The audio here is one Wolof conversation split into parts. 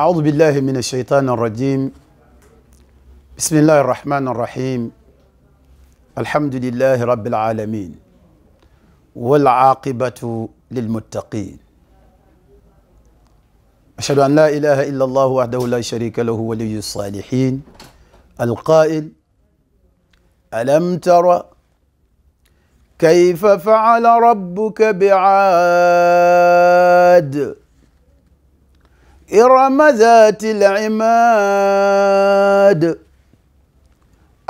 أعوذ بالله من الشيطان الرجيم بسم الله الرحمن الرحيم الحمد لله رب العالمين والعاقبة للمتقين أشهد أن لا إله إلا الله وحده لا شريك له ولي الصالحين القائل ألم تر كيف فعل ربك بعاد إرم ذات العماد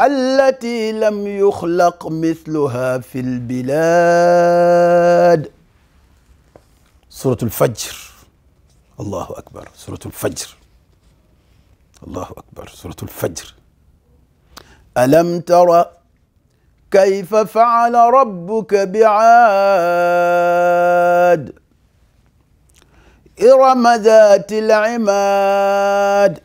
التي لم يخلق مثلها في البلاد سورة الفجر الله أكبر سورة الفجر الله أكبر سورة الفجر ألم تر كيف فعل ربك بعاد إرم ذات العماد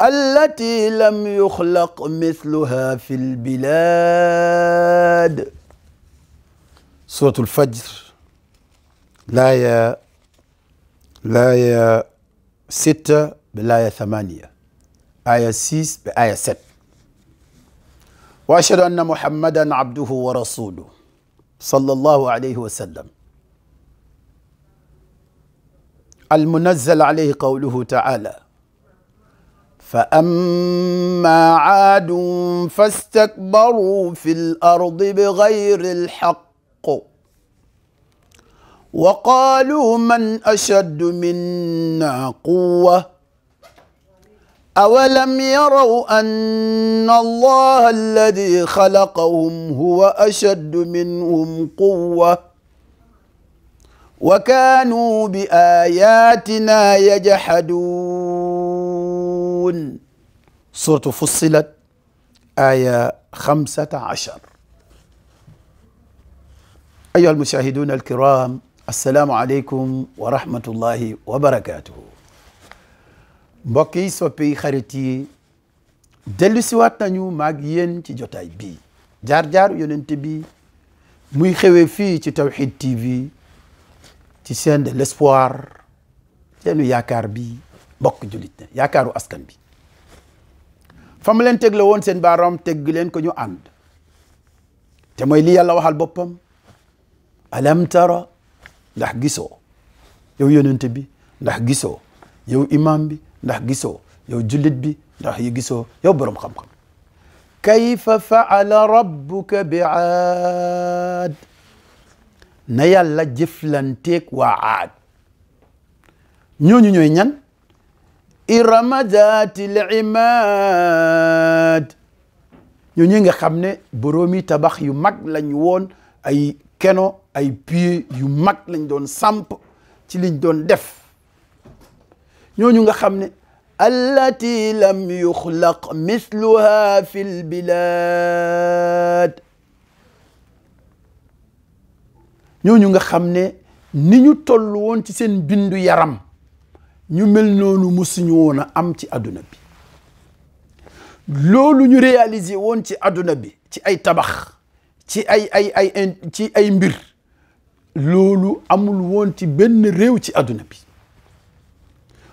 التي لم يخلق مثلها في البلاد سورة الفجر لآية لآية ستة بالآية ثمانية آية سيس بآية ست وأشهد أن محمدا عبده ورسوله صلى الله عليه وسلم المنزل عليه قوله تعالى فأما عاد فاستكبروا في الأرض بغير الحق وقالوا من أشد منا قوة أولم يروا أن الله الذي خلقهم هو أشد منهم قوة wa kaanu bi ayatina yajhaduun suratu fussilat aya xamsata achar ayyuha almushahiduuna alkiram assalaamu aleykum wa rahmatullahi wa barakatuhu mbokk yi soppi yi xarit yi dellu siwaat nañu maag yéen ci jotaay bii jaar-jaar yonent bi muy xewee fii ci Tawhid TV ci chaîne de l'espoir seenu yaakaar bi bokk jullit ne yaakaaru askan bi fa leen tegle woon seen baaraam tegg leen ko ñu ànd te mooy li yàlla waxal boppam alam tara ndax gisoo yow yonente bi ndax gisoo yow imam bi ndax gisoo yow jullit bi ndax yi gisoo yow boroom xam-xam kayfa faala rabbuka bi aad na yàlla jëflanteeg waa aad ñooñu ñooy ñan irama zaati l imaad ñoo ñi nga xam ne boroomi tabax yu mag lañ woon ay keno ay pied yu mag lañ doon samp ci liñ doon def ñooñu nga xam ne allati lam yuxlaq misluha fi l bilad ñooñu nga xam ne ni ñu toll woon ci seen bindu yaram ñu mel noonu musuñu woon a am ci àdduna bi loolu ñu réaliser woon ci àdduna bi ci ay tabax ci ay ay ay ci ay mbir loolu amul woon ci benn réew ci àdduna bi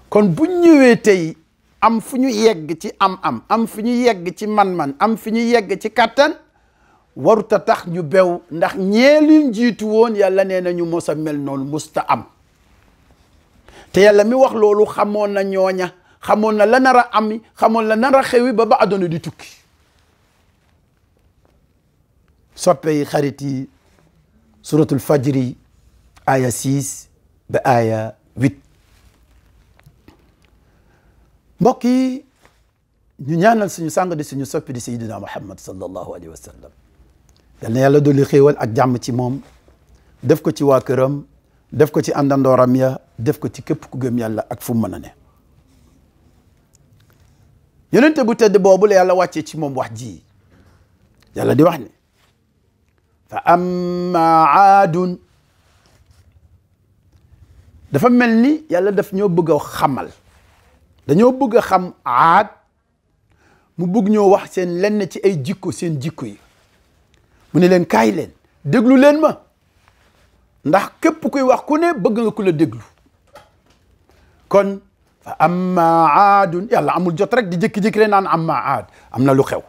kon bu ñëwee tey am fu ñu yegg ci am-am am fu ñu yegg ci man-man am fu ñu yegg ci kattan waruta tax ñu bew ndax ñeelin njiitu woon yàlla nee na mosa mos mel noonu musta am te yàlla mi wax loolu xamoon na ñooña xamoon na la nar a am xamoon la nar xewi ba ba àdduna di tukki soppe yi xarit yi suratul fajri aya six ba aya huit mbokk yi ñu ñaanal suñu sàng di suñu soppi di sayyidina muhammad sallallahu alayhi wa sallam yal na yàlla ak jàmm ci moom def ko ci waa këram def ko ci àndandooram ya def ko ci képp ku gëm yàlla ak fu mu mën a ne yonente bu tedd boobu la yàlla wàccee ci moom wax ji yàlla di wax ne fa amma aadun dafa mel ni yàlla daf ñoo bëgg a xamal dañoo bëgg a xam aad mu bëgg ñoo wax seen lenn ci ay jikko seen jikko yi mu ne leen kaay leen déglu leen ma ndax képp kuy wax ku ne bëgg nga ku la déglu kon fa amma aadun yàlla amul jot rek di jékki-jékki leen naan amma aad am na lu xew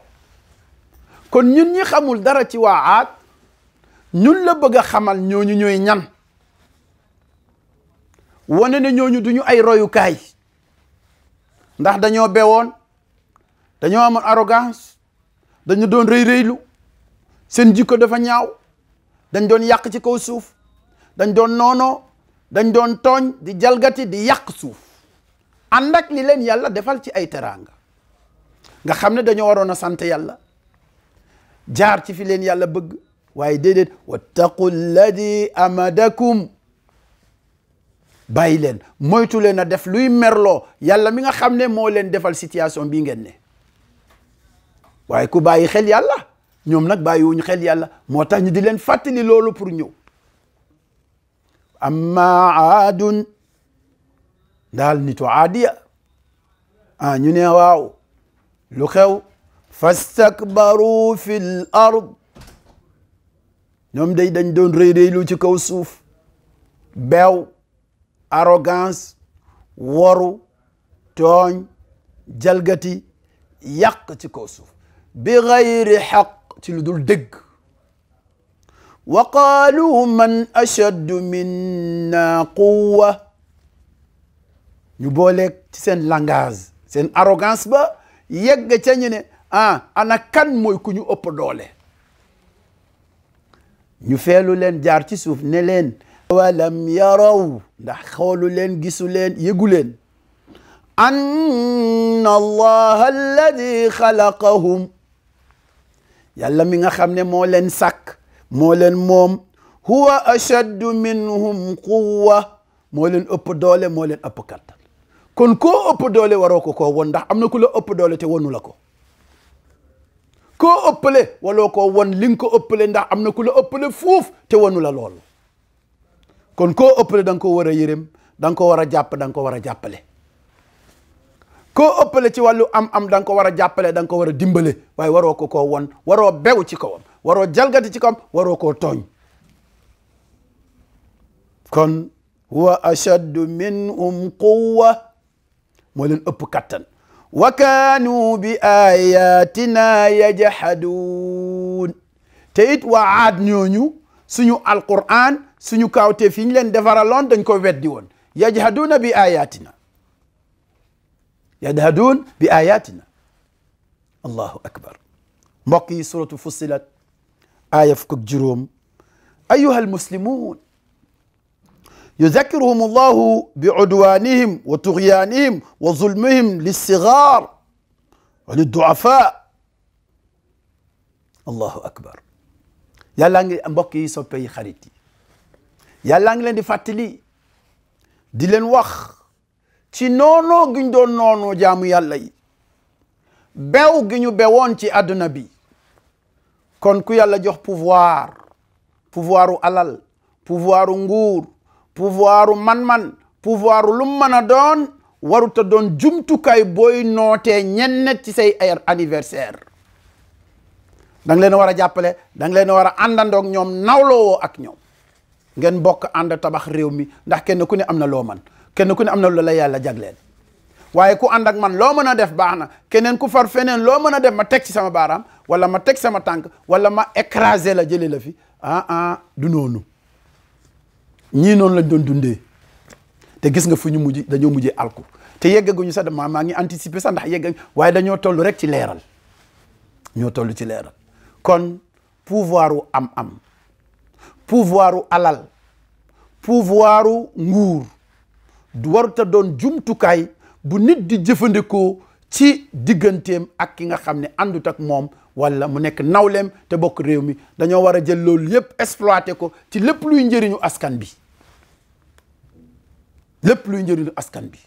kon ñun ñi xamul dara ci waa aad ñun la bëgg a xamal ñooñu ñooy ñan wane ne ñooñu duñu ay royukaay ndax dañoo bewoon dañoo amoon arrogance dañu doon rëy rëylu seen jikko dafa ñaaw dañ doon yàq ci kaw suuf dañ doon noonoo dañ doon tooñ di jalgati di yàq suuf ànd ak li leen yàlla defal ci ay teraanga nga xam ne dañoo waroon a sant yàlla jaar ci fi leen yàlla bëgg waaye déedéet wattaqu lladi amadakum bàyyi leen moytu leen a def luy merloo yàlla mi nga xam ne moo leen defal situation bi ngeen ne waaye ku bàyyi xel yàlla ñoom nag bàyyiwuñu xel yàlla moo tax ñu di leen fàttali loolu pour ñëw amma aadun daal nitu aadiya ah ñu ne waaw lu xew fastakbaru fi l ñoom day dañ doon rëy rëy lu ci kaw suuf beew arrogance waru tooñ jalgati yàq ci kaw suuf bi xayri xaq ci lu dul dëgg wa qaalu man ashaddu minna quwwa ñu booleeg ci seen langage seen arrogance ba yegg ca ñu ne ah ana kan mooy ku ñu ëpp doole ñu feelu leen jaar ci suuf ne leen walam yaraw ndax xoolu leen gisu leen yëgu leen anna allaha alladi xalaqahum yàlla mi nga xam ne moo leen sàkk moo leen moom huwa ashaddu minhum quwwa moo leen ëpp doole moo leen ëpp kattan kon koo ëpp doole waroo ko ko won ndax am na ku la ëpp doole te wonu la ko koo ëppale waloo ko won li nga ko ëppale ndax am na ku la ëppale fuuf te wonu la lool kon koo ëppale da nga ko war a yërëm da ko war a jàpp da ko war a jàppale koo ëppale ci wàllu am-am da ko war a jàppale da nga ko war a dimbale waaye waroo ko koo won waroo bew ci kawam waroo jalgati ci kawam waroo koo tooñ kon wa ashaddu minhum quwwa moo leen ëpp kattan wa kaanu bi ayatina yajhaduun te it waa aad ñooñu suñu alquran suñu kaawteef yi ñu leen defaraloon dañ ko weddi woon yajhaduuna bi ayatina yadhaduun bi ayatina allahu akbar mbokk yi suratu fussilat aaya fukk ak juróom ayuha almuslimun yuzakiruhum allahu bi udwanihim wa tughyanihim wa zulmihim lissigar wa lidduafa allahu akbar yàllaa ngi mbokk yi soppe yi xarit yi yàllaa ngi leen di fàttali di leen wax ci noonoo gi doon noonoo jaamu yàlla yi bew gi ñu bewoon ci àdduna bi kon ku yàlla jox pouvoir pouvoiru alal pouvoiru nguur pouvoiru man-man pouvoiru lu mën a doon waruta doon jumtukaay booy nootee ñenn ci say ay anniversaire da leen war a jàppale da leen war a àndandoog ñoom nawloo ak ñoom ngeen bokk ànd tabax réew mi ndax kenn ku ne am na loo man kenn ku ne am na lu la yàlla jagleel waaye ku ànd ak man loo mën a def baax na keneen ku far feneen loo mën a def ma teg ci sama baaraam wala ma teg sama tànk wala ma écraser la jëlee la fi ah, ah du noonu ñii noonu la doon dundee te gis nga fu ñu mujj dañoo mujjee alku te yeggaguñu sax damaa maa ngi anticiper sa ndax yeggaguñ waaye dañoo tollu rek ci leeral ñoo toll ci leeral kon pouvoir wu am-am pouvoir u alal pouvoir u nguur. du a doon jumtukaay bu nit di jëfandikoo ci digganteem ak ki nga xam ne àndut ak moom walla mu nekk nawleem te bokk réew mi dañoo war a jël loolu yépp exploité ko ci lépp luy njëriñu askan bi lépp luy njëriñu askan bi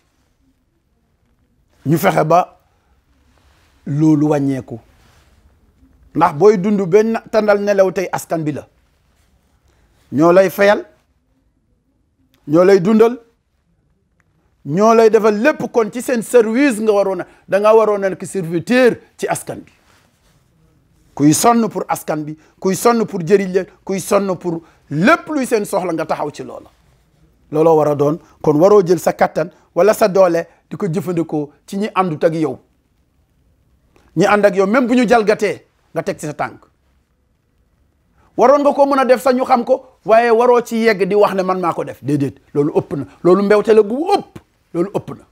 ñu fexe ba loolu wàññeeku ndax booy dund benn tandal nelaw tey askan bi la ñoo lay fayal ñoo lay dundal ñoo lay defal lépp kon ci seen service nga waroon na da nga waroon a nekk serviteur ci askan bi kuy sonn pour askan bi kuy sonn pour jëriñ leen kuy sonn pour lépp luy seen soxla nga taxaw ci loola looloo war a doon kon waroo jël sa kattan wala sa doole di ko jëfandikoo ci ñi àndut ak yow ñi ànd yow même bu ñu jalgatee nga teg ci sa tànk waroon nga ko mën a def sa ñu xam ko waaye waroo ci yegg di wax ne man maa ko def déedéet loolu ëpp na loolu mbewte la gu ëpp loolu ëpp na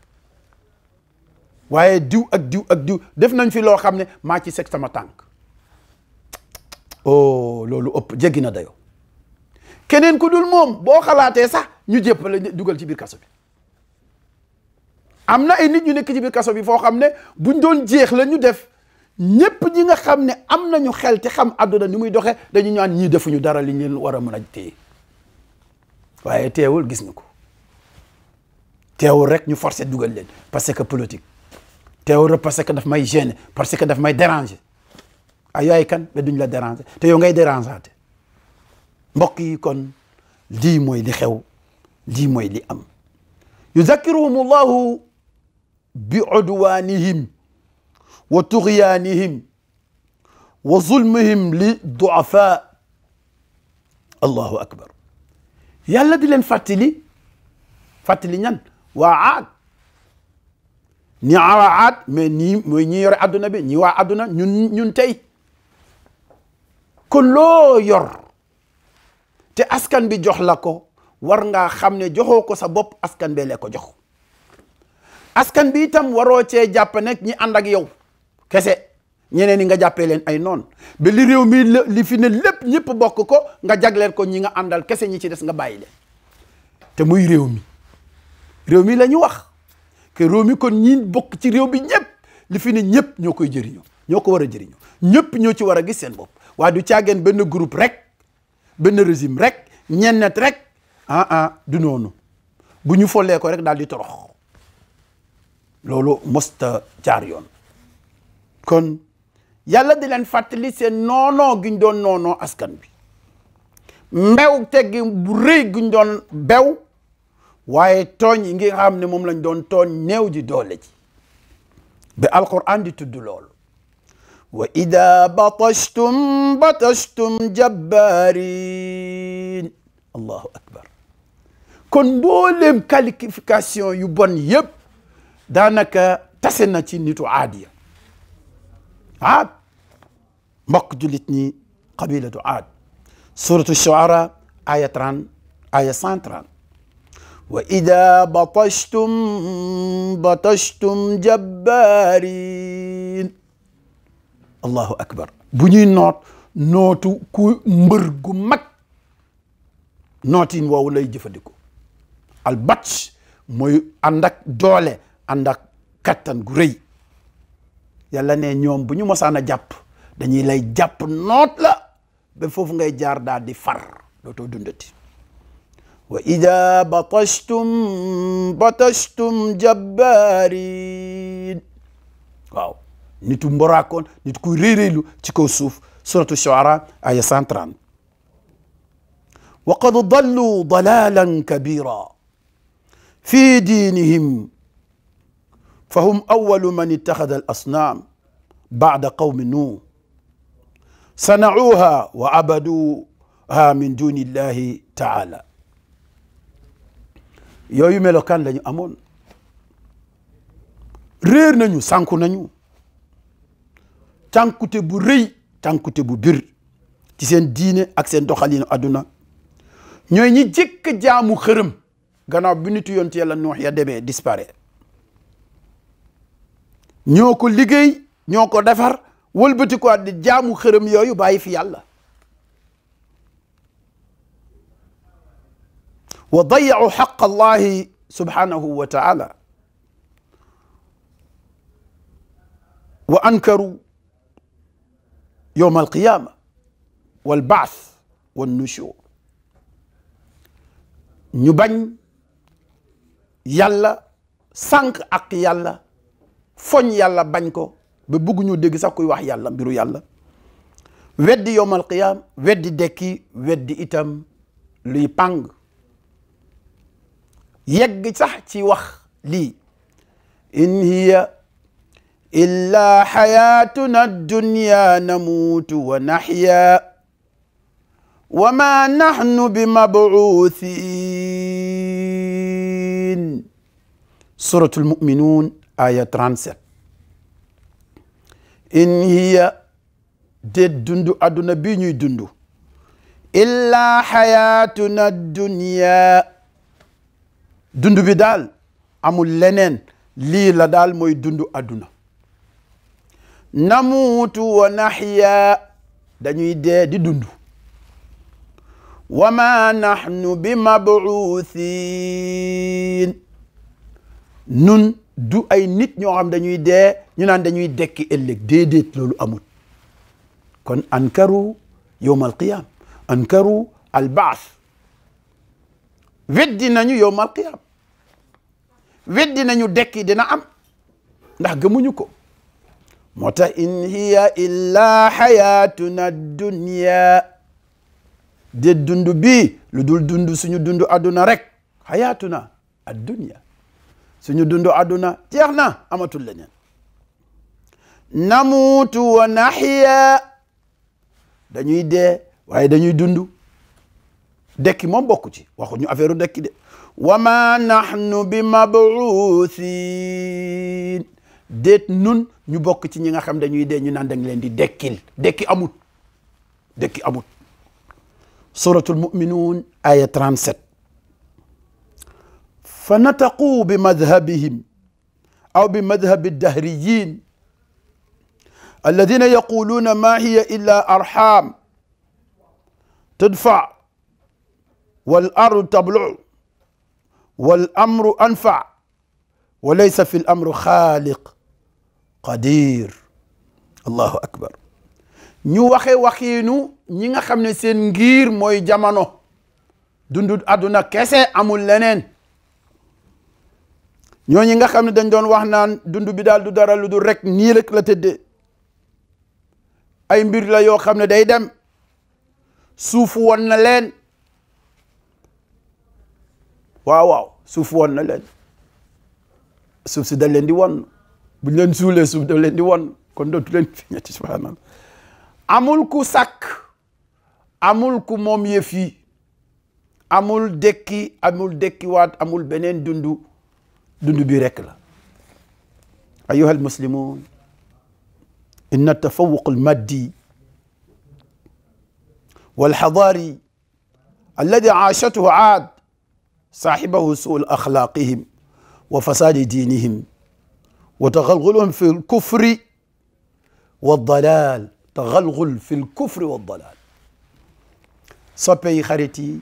waaye diw ak diw ak diw def nañ fi loo xam ne maa ci seg sama tànk oh loolu ëpp jéggi na dayoo keneen ku dul moom boo xalaatee sax ñu jéppale dugal ci biir kaso bi am na ay nit ñu nekk ci biir kaso bi foo xam ne buñ doon jeex la ñu def ñépp ñi nga xam ne am nañu xel te xam àdduna ni muy doxee dañu ñaan ñii defuñu dara li ñu leen war a mën a téye waaye teewul gis na ko te rek ñu forcé dugal leen parce que politique teewul rek parce que daf may gêner parce que daf may déranger ay ah, yaay kan ba duñ la déranger te yow ngay dérangeate mbokk yi kon lii mooy li xew lii mooy li am yuzakiruhum allahu bi udwanihim wa tughyanihim wa zulmihim li duafa allahu akbar yàlla di leen fàttali fàttali ñan waa aad ni waa aad mais nii mooy ñi yore adduna bi ni waa adduna ñun ñun tey kon loo yor te askan bi jox la ko war nga xam ne joxoo ko sa bopp askan bee la ko jox askan bi itam waroo cee jàpp nag ñi ànd ak yow kese ñeneen ñi nga jàppee leen ay noon ba li réew mi li fi ne lépp ñëpp bokk ko nga jagleel ko ñi nga àndal kese ñi ci des nga bàyyi leen te muy réew mi réew mi la ñu wax que réew mi kon ñi bokk ci réew bi ñëpp li fi ne ñëpp ñoo koy jëriñu ñoo ko war a jëriñu ñëpp ñoo ci war a gis seen bopp waaye du caageen benn groupe rek benn régime rek ñennet rek ah ah du noonu bu ñu follee rek daal di torox loolu mosta jaar yoon kon yàlla di leen fàttali seen noonoo giñ doon noonoo askan bi mbew teggi bu rëy giñ doon bew waaye tooñ yi ngi xam ne moom lañ doon tooñ néew ji doole ji ba alquran di tudd lool wa ida batashtum batashtum jabbarin allahu akbar kon mbooleem qualification yu bon yëpp daanaka tase na ci nitu aadiya aad mbokk julit ñi qabilatu aad suratu shuara aya 30 aya 130 وإذا بطشتم بطشتم جبارين الله أكبر bu ñuy noot nootu ku mbër gu mag nootin woowu lay jëfandikoo al batch mooy ànd ak doole ànd kattan gu rëy yàlla ne ñoom bu ñu mosaan a jàpp dañuy lay jàpp noot la ba foofu ngay jaar daal di far dootoo dundati وإذا بطشتم بطشتم جبارين waaw nitu mboraakoon nit kuy réeréelu ci kaw suuf suratu Shuara aya 130 wa qad dallu dalalan kabira fi diinihim fa hum awalu man ittaxada al asnaam baada qawmi nuuh sanauha wa abaduha min duni illahi taala yooyu melokaan lañu amoon réer nañu sànku nañu tànkute bu rëy tànkute bu bir ci seen diine ak seen doxalinu àdduna ñooy ñi jëkk jaamu xërëm gannaaw bi nitu yonent yàlla noox ya demee dispare ñoo ko liggéey ñoo ko defar wëlbatikuwaat di jaamu xërëm yooyu bàyyi fi yàlla wa dayya'u haqqa Allahi subhanahu wa ta'ala wa ankaru yawm al-qiyama wal ba'th wan nushur ñu bañ yàlla sànq ak yàlla foñ yàlla bañ ko ba bugg ñu dégg sax kuy wax yàlla mbiru yàlla weddi yawm al-qiyama weddi dekki weddi itam luy pàng yegg sax ci wax lii in hiya illa xayatuna dunya namuutu wa naxya wa ma naxnu bi mabuuthin suratul muminuun aya 37 in hiya déet dundu adduna bii ñuy dundu illa xayatuna dunya dund bi daal amul leneen lii la daal mooy dundu adduna namuutu wa naxya dañuy dee di dund wa ma naxnu bi mabuuthin nun du ay nit ñoo xam dañuy dee ñu naan dañuy dekki ëllëg kon ankaru yowm alqiyam ankaru albaas weddi nañu yowmal qiyaam weddi nañu dekki dina am ndax gëmuñu ko moo tax in hiya illa xayatuna dunya de dund bii lu dul dund suñu dund adduna rek xayatuna addunya suñu dundu adduna jeex na amatul leneen namuutu wa naxiya dañuy dee waaye dañuy dund dekki moom bokku ci waxuñu affaire dekki de wa ma nahnu bi mabuusin déet nun ñu bokk ci ñi nga xam dañuy dee ñu naan dañ leen di dekki amut dekki amut suratul muminuun aya 37 fa nataqu bi ma aw bi madhabi dahriyin ma hiya illa arham tadfa wal ardu tablu wal amru anfa wa laysa fi amru xaaliq qadir allahu akbar ñu waxe waxiinu ñi nga xam ne seen ngiir mooy jamono dundu àdduna kese amul leneen ñooñi nga xam ne dañ doon wax naan dundu bi daal du dara lu dul rek nii rek la tëddee ay mbir la yoo xam ne day dem suuf won leen waaw waaw suuf won na leen suuf si da leen di won buñ leen suulee suuf da leen di won kon dootu leen fi ñetti subhanallah amul ku sàkk amul ku moom yëf yi amul dekki amul amul beneen dundu dundu bi rek la ayuha almuslimun inna tafawuq almaddi walxadaari alladi aashatuhu aad saaxibahu suul axlaaqihim wa fasaadi diinihim wa taxalxulum fi lkufri wa dalaal taxalxul fi lkufri wa dalaal soppe yi xarit yi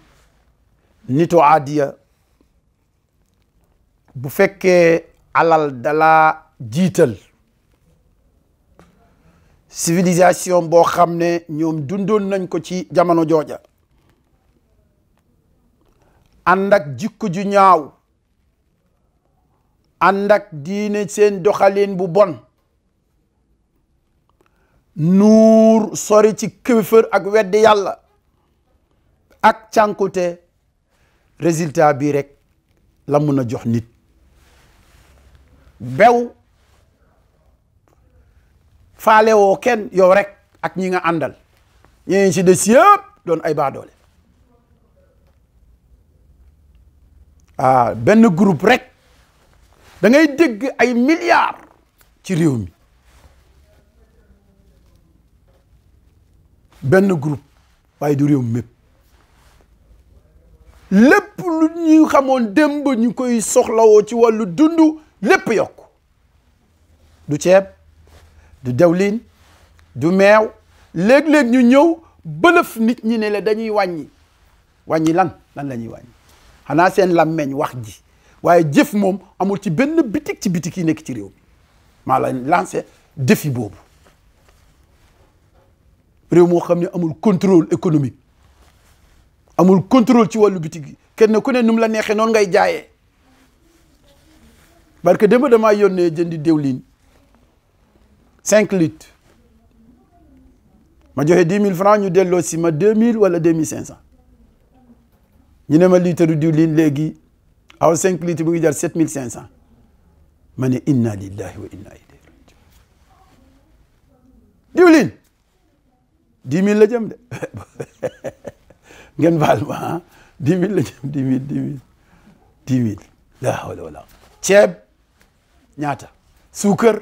nitu bu fekke alal dala jiital civilisation boo xam ne ñoom dundoon nañ ko ci jamono jooja ànd ak jikko ju ñaaw ànd ak diine seen doxalin bu bon nuur sori ci këfër ak weddi yàlla ak cànkute résultat bii rek la mun a jox nit bew faale woo kenn yow rek ak ñi nga àndal ñeneen ci des yëpp doon ay baadoole Ah, benn group rek dangay dégg ay milliards ci réew mi benn groupe waaye du réew mépp lépp lu ñu xamoon démb ñu koy soxlawoo ci wàllu dund lépp yokk du ceeb du dawlin du meew léeg-léeg ñu ñëw bëlëf nit ñi ne la dañuy wàññi wàññi lan lan la ñuy wàññi xanaa seen làmmeñ wax ji waaye jëf moom amul ci benn bitik ci bitik yi nekk ci réew mi maa la lancé défi boobu réew moo xam ne amul contrôle économique amul contrôle ci wàllu bitik yi kenn ku ne nu la neexee noonu ngay jaayee parce que démb damaa yónnee jënd diwlin cinq litres ma joxe dix mille francs ñu delloo si ma deux mille wala deux mille cinq ñu ne ma litre diwlin léegi aw cinq litres bu ngi jar sept mille cinq cent ma ne inna lillahi wa inna ilayhi rajiun diwlin dix mille la jëm de ngeen baal ma ah dix mille la jëm dix mille dix mille dix mille la ñaata suukar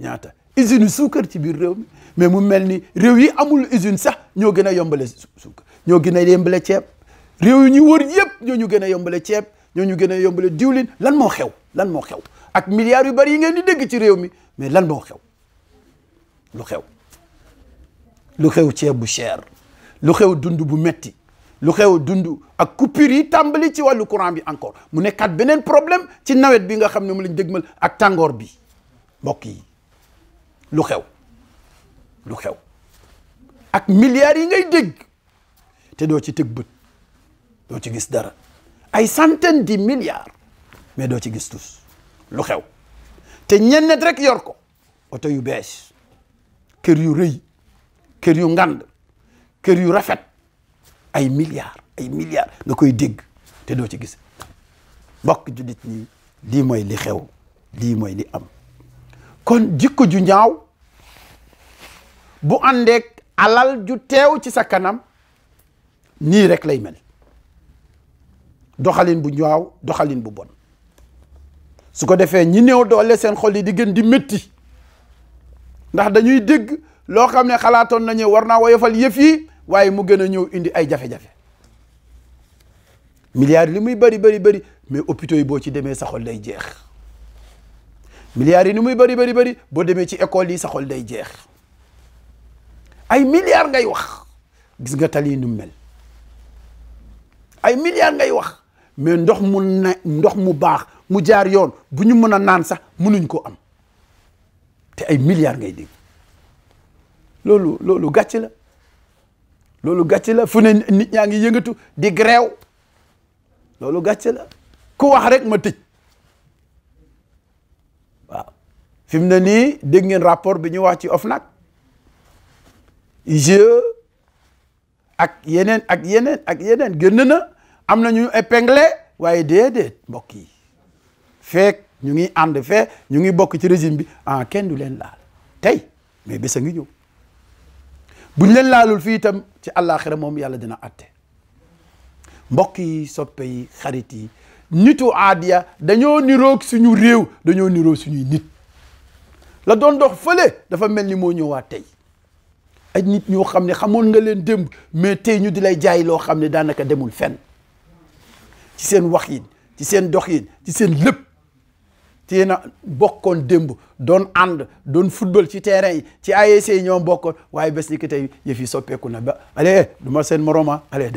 ñaata usine suukar ci biir réew mi mais mu mel ni réew yi amul usine sax ñoo gën a yombale suukar ñoo gën a yombale ceeb réew yu ñu wër yëpp ñoo ñu gën a yombale ceeb ñoo ñu gën a yombale diwlin lan moo xew lan moo xew ak milliards yu bari yi ngeen di dégg ci réew mi mais lan moo xew lu xew lu xew ceeb bu cher lu xew dund bu metti lu xew dund ak coupure yi tàmbali ci wàllu courant bi encore mu nekkaat beneen problème ci nawet bi nga xam ne mu lañ dégmal ak tàngoor bi mbokk yi lu xew lu xew ak milliards yi ngay dégg te doo ci teg bët doo ci gis dara ay centaine de milliards mais doo ci gis tous lu xew te ñenn rek yor ko oto yu bees kër yu rëy kër yu ngand kër yu rafet ay milliards ay milliards nga koy digg te doo ci gis mbokk jullit ñi lii mooy li xew lii mooy li am kon jikko ju ñaaw bu àndeek alal ju teew ci sa kanam nii rek lay mel doxalin bu ñaaw doxalin bu bon su ko defee ñi néew doole seen xol yi di gën di métti ndax dañuy dégg loo xam ne xalaatoon nañu war naa woyofal yëf yi waaye mu gën a ñëw indi ay jafe-jafe milliards li muy bari bëri bëri mais yi boo ci demee sa day jeex milliards yi ni muy bëri bëri bëri boo demee ci école yi sa xol day jeex ay milliards ngay wax gis nga tali nu mel ay milliards ngay wax mais ndox mu ne ndox mu baax mu jaar yoon bu ñu mën a naan sax mënuñ ko am te ay milliards ngay dégg loolu loolu gàcc la loolu gàcc la fu ne nit ñaa ngi yëngatu di grève loolu gàcc la ko wax ma tëj waaw mu ne nii dégg ngeen rapport bi ñu wax ci OFNAC IGE ak yeneen ak yeneen ak yeneen génn am na ñu épinglé waaye déedéet mbokk yi feek ñu ngi ànd fee ñu ngi bokk ci régime bi ah kenn du leen laal tey mais bés a ngi ñëw buñ leen laalul fii itam ci àllaaxira moom yàlla dina atte mbokk yi soppe yi xarit yi nitu aadiya dañoo niroog suñu réew dañoo niroog suñuy nit la doon dox fële dafa mel ni moo ñëwaat tey ay nit ñoo xam ne xamoon nga leen démb mais tey ñu di lay jaay loo xam ne daanaka demul fenn ci seen wax yi ci seen dox yi ci seen lépp ci yéen a bokkoon démb doon ànd doon football ci terrain yi ci ASC yi ñoom bokkoon waaye bés ni ki tey fi soppeeku na ba allez du ma seen moroma ah, allez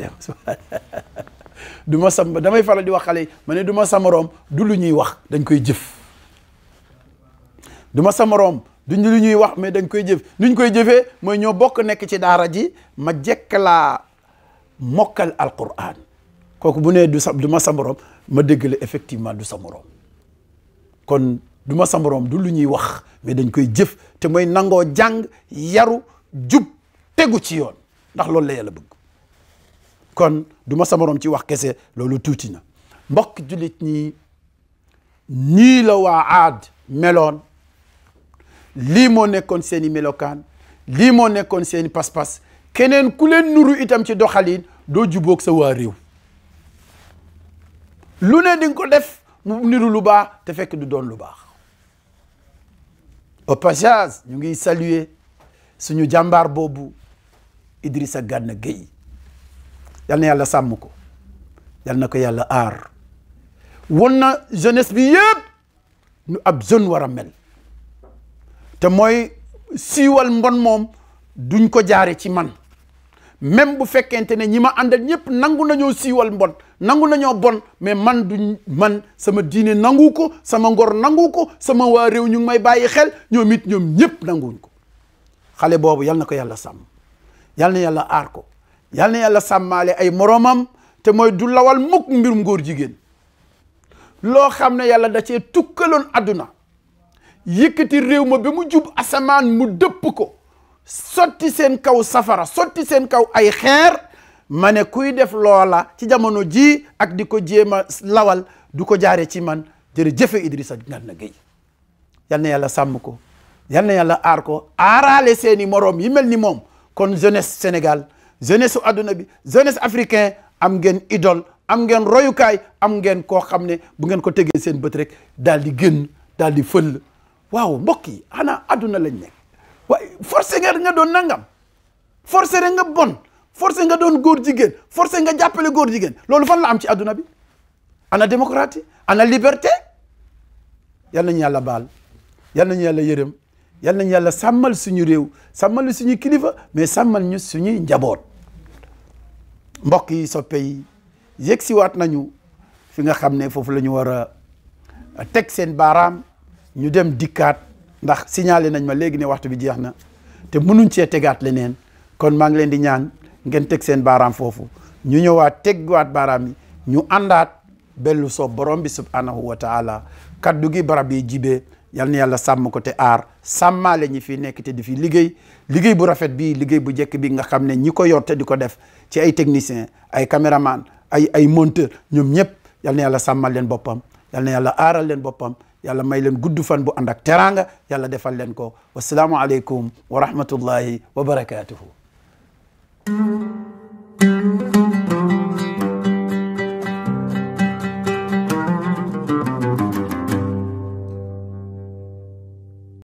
dem ma sam damay faral di wax ma ne du ma moroom du lu ñuy wax dañ koy jëf du ma sa moroom duñ lu ñuy wax mais dañ koy jëf nuñ koy jëfee mooy ñoo bokk nekk ci daara ji ma jekk laa mokkal alquran kooku bu nee du sa du ma sa ma dégg effectivement du sa kon du ma sa du lu ñuy wax mais dañ koy jëf te mooy nangoo jàng yaru jub tegu ci yoon ndax loolu la yàlla kon du ma sa ci wax kese loolu tuuti na mbokk jullit ñi nii la waa aad meloon lii moo nekkoon seen i melokaan lii moo nekkoon seen i pas-pas keneen ku leen nuru itam ci doxalin doo jubook sa waa réew lu ne di ko def mu niru lu baax te fekk du doon lu baax au passage ñu ngi saluer suñu jàmbaar boobu Idrissa Gana Gueye yal na yàlla sàmm ko yal na ko yàlla aar won na jeunesse bi yëpp nu ab jeune war mel te mooy siiwal mbon moom duñ ko jaare ci man même bu fekkente ne ñi ma àndal ñëpp nangu nañoo siiwal mbon nangu nañoo bon mais man du man sama diine nangu ko sama ngor nangu ko sama waa réew ñu may bàyyi xel ñoom it ñoom ñëpp nanguwuñ ko xale boobu yal na ko yàlla sàmm yal na yàlla aar ko yal na yàlla sàmmaale ay moromam te mooy du lawal mukk mbirum góor jigéen loo xam na yàlla da cee tukkaloon adduna yëkkati réew ma ba mu jub asamaan mu dëpp ko sotti seen kaw safara sotti seen kaw ay xeer ma ne kuy def loola ci jamono ji ak di ko jéem a lawal du ko jaare ci man jërëjëf Idrissa Gana Gueye yal na yàlla sàmm ko yal na yàlla aar ko aaraale seeni moroom yi mel ni moom kon jeunesse Sénégal jeunesse su adduna bi jeunesse africain am ngeen idole am ngeen royukaay am ngeen koo xam ne bu ngeen ko tegee seen bët rek daal di génn daal di fël waaw mbokk yi xanaa adduna lañ nekk waaye forcé nga nga doon nangam forcé rek nga bon. forcé nga doon góor jigéen forcé nga jàppale góor jigéen loolu fan la am ci adduna bi ana démocratie ana liberté yal nañu yàlla baal yal nañu yàlla yërëm yal nañu yàlla sàmmal suñu réew sàmmal suñu kilifa mais sàmmal ñu suñuy njaboot mbokk yi soppe yi yëg si nañu fi nga xam ne foofu la ñu war a teg seen baaraam ñu dem dikkaat ndax signalé nañ ma léegi ne waxtu bi jeex na te mënuñ cee tegaat leneen kon maa ngi leen di ñaan ngeen teg seen baaraam foofu ñu ñëwaat tegwaat baaraam yi ñu àndaat bellu soob borom bi subhanahu wa taala kaddu gi barab yi jibee yal na yàlla sàmm ko te aar sàmmaale ñi fi nekk te di fii liggéey liggéey bu rafet bi liggéey bu njëkk bi nga xam ne ñi ko yor te di ko def ci ay technicien ay caméraman ay ay monteur ñoom ñëpp yal na yàlla sàmmal leen boppam yal na yàlla aaral leen boppam yàlla may leen gudd fan bu ànd ak teraanga yàlla defal leen ko wasalaamu aleykum wa rahmatullahi wa barakatuhu Thank you.